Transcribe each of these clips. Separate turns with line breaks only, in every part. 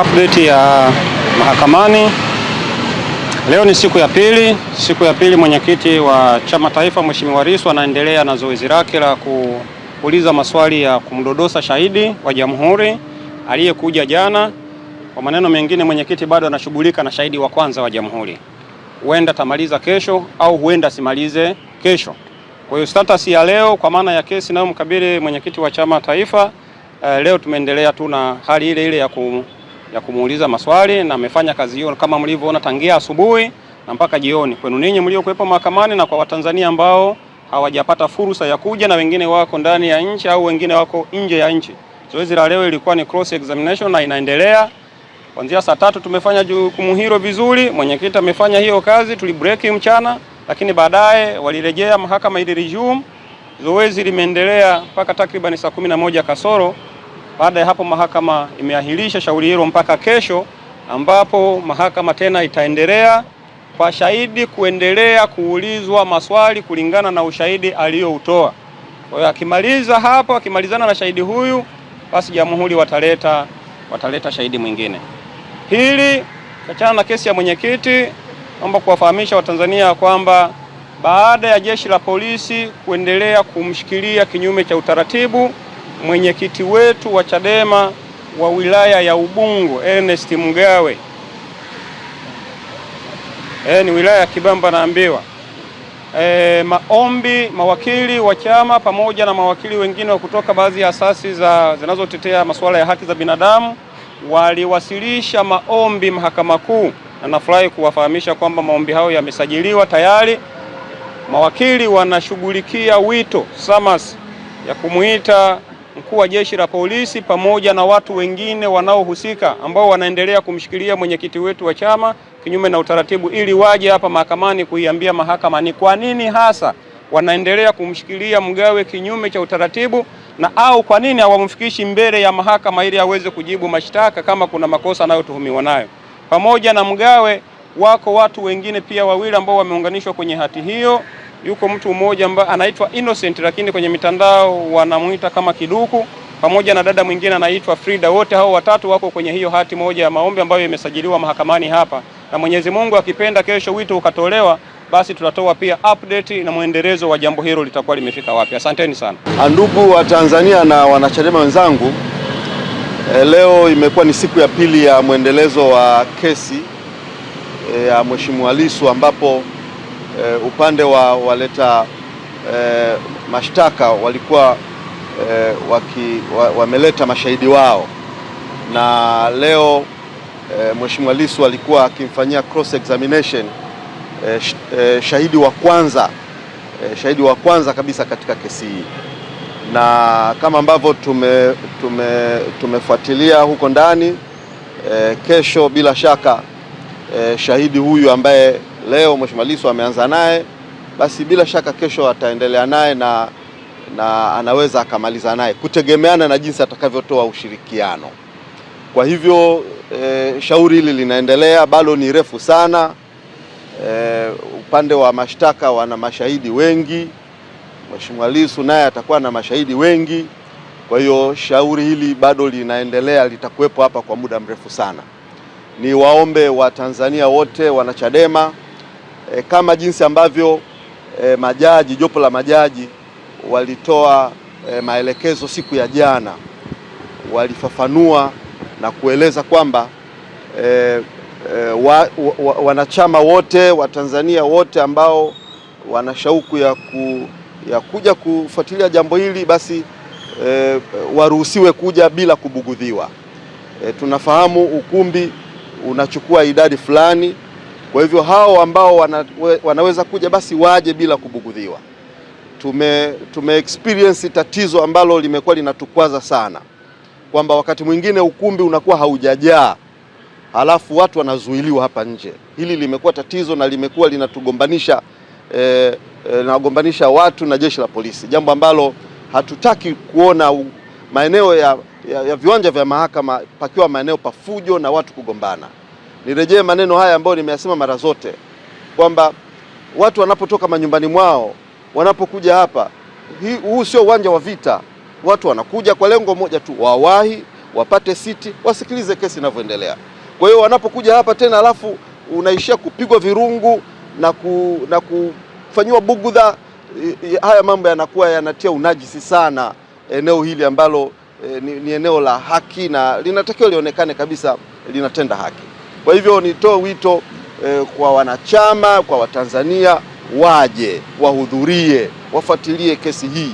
Update ya mahakamani. Leo ni siku ya pili. Siku ya pili, mwenyekiti wa chama taifa Mheshimiwa Lissu anaendelea na zoezi lake la kuuliza maswali ya kumdodosa shahidi wa jamhuri aliyekuja jana. Kwa maneno mengine, mwenyekiti bado anashughulika na shahidi wa kwanza wa jamhuri. Huenda tamaliza kesho au huenda simalize kesho. Kwa hiyo status ya leo kwa maana ya kesi mkabili mwenyekiti wa chama taifa, uh, leo tumeendelea tu na hali ile ile ya ya kumuuliza maswali na amefanya kazi hiyo kama mlivyoona tangia asubuhi na mpaka jioni. Kwenu ninyi mliokuwepo mahakamani na kwa Watanzania ambao hawajapata fursa ya kuja na wengine wako ndani ya nchi au wengine wako nje ya nchi. Zoezi la leo ilikuwa ni cross examination na inaendelea. Kuanzia saa tatu tumefanya jukumu hilo vizuri, mwenyekiti amefanya hiyo kazi, tulibreak mchana, lakini baadaye walirejea mahakama ili resume. Zoezi limeendelea mpaka takriban saa kumi na moja kasoro. Baada ya hapo, mahakama imeahirisha shauri hilo mpaka kesho, ambapo mahakama tena itaendelea kwa shahidi kuendelea kuulizwa maswali kulingana na ushahidi aliyoutoa. Kwa hiyo akimaliza hapo, akimalizana na shahidi huyu, basi jamhuri wataleta wataleta shahidi mwingine. Hili kachana na kesi ya mwenyekiti, naomba kuwafahamisha Watanzania kwamba baada ya jeshi la polisi kuendelea kumshikilia kinyume cha utaratibu mwenyekiti wetu wa Chadema wa wilaya ya Ubungo Ernest Mgawe, e, ni wilaya ya Kibamba naambiwa. E, maombi mawakili wa chama pamoja na mawakili wengine wa kutoka baadhi ya asasi za zinazotetea masuala ya haki za binadamu waliwasilisha maombi Mahakama Kuu, na nafurahi kuwafahamisha kwamba maombi hayo yamesajiliwa tayari. Mawakili wanashughulikia wito SAMAS ya kumuita mkuu wa jeshi la polisi pamoja na watu wengine wanaohusika ambao wanaendelea kumshikilia mwenyekiti wetu wa chama kinyume na utaratibu, ili waje hapa mahakamani kuiambia mahakama ni kwa nini hasa wanaendelea kumshikilia Mgawe kinyume cha utaratibu na au kwa nini hawamfikishi mbele ya mahakama ili aweze kujibu mashtaka kama kuna makosa anayotuhumiwa nayo. Pamoja na Mgawe wako watu wengine pia wawili ambao wameunganishwa kwenye hati hiyo yuko mtu mmoja ambaye anaitwa Innocent, lakini kwenye mitandao wanamuita kama Kiduku, pamoja na dada mwingine anaitwa Frida. Wote hao watatu wako kwenye hiyo hati moja ya maombi ambayo imesajiliwa mahakamani hapa, na Mwenyezi Mungu akipenda, kesho wito ukatolewa, basi tutatoa pia update na mwendelezo wa jambo hilo litakuwa limefika wapi. Asanteni sana
ah, ndugu wa Tanzania na wanachadema wenzangu. E, leo imekuwa ni siku ya pili ya mwendelezo wa kesi eh, ya Mheshimiwa Lissu ambapo eh, upande wa waleta eh, mashtaka walikuwa eh, waki, wa, wameleta mashahidi wao na leo eh, Mheshimiwa Lissu alikuwa akimfanyia cross examination eh, sh, eh, shahidi wa kwanza eh, shahidi wa kwanza kabisa katika kesi hii na kama ambavyo tume, tume, tumefuatilia huko ndani eh, kesho bila shaka eh, shahidi huyu ambaye leo Mheshimiwa Lissu ameanza naye, basi bila shaka kesho ataendelea naye na, na anaweza akamaliza naye kutegemeana na jinsi atakavyotoa ushirikiano. Kwa hivyo e, shauri hili linaendelea, bado ni refu sana. E, upande wa mashtaka wana mashahidi wengi, Mheshimiwa Lissu naye atakuwa na mashahidi wengi. Kwa hiyo shauri hili bado linaendelea, litakuwepo hapa kwa muda mrefu sana. Ni waombe Watanzania wote wanachadema e, kama jinsi ambavyo e, majaji jopo la majaji walitoa e, maelekezo siku ya jana, walifafanua na kueleza kwamba e, e, wa, wa, wa, wanachama wote Watanzania wote ambao wana shauku ya, ku, ya kuja kufuatilia jambo hili basi e, waruhusiwe kuja bila kubugudhiwa. E, tunafahamu ukumbi unachukua idadi fulani kwa hivyo hao ambao wana, wanaweza kuja basi waje bila kubugudhiwa. Tume, tume experience tatizo ambalo limekuwa linatukwaza sana kwamba wakati mwingine ukumbi unakuwa haujajaa halafu watu wanazuiliwa hapa nje. Hili limekuwa tatizo na limekuwa linatugombanisha e, eh, eh, nagombanisha watu na jeshi la polisi, jambo ambalo hatutaki kuona u, maeneo ya, ya, ya viwanja vya mahakama pakiwa maeneo pafujo na watu kugombana nirejee maneno haya ambayo nimeyasema mara zote kwamba watu wanapotoka manyumbani mwao wanapokuja hapa, huu sio uwanja wa vita. Watu wanakuja kwa lengo moja tu, wawahi, wapate siti, wasikilize kesi inavyoendelea. Kwa hiyo wanapokuja hapa tena, alafu unaishia kupigwa virungu na, ku, na kufanyiwa bugudha. Haya mambo yanakuwa yanatia unajisi sana eneo hili ambalo e, ni, ni eneo la haki na linatakiwa lionekane kabisa linatenda haki. Kwa hivyo nitoe wito eh, kwa wanachama, kwa Watanzania waje wahudhurie, wafuatilie kesi hii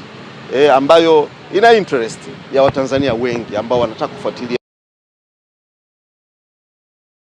eh, ambayo ina interest ya Watanzania wengi ambao wanataka kufuatilia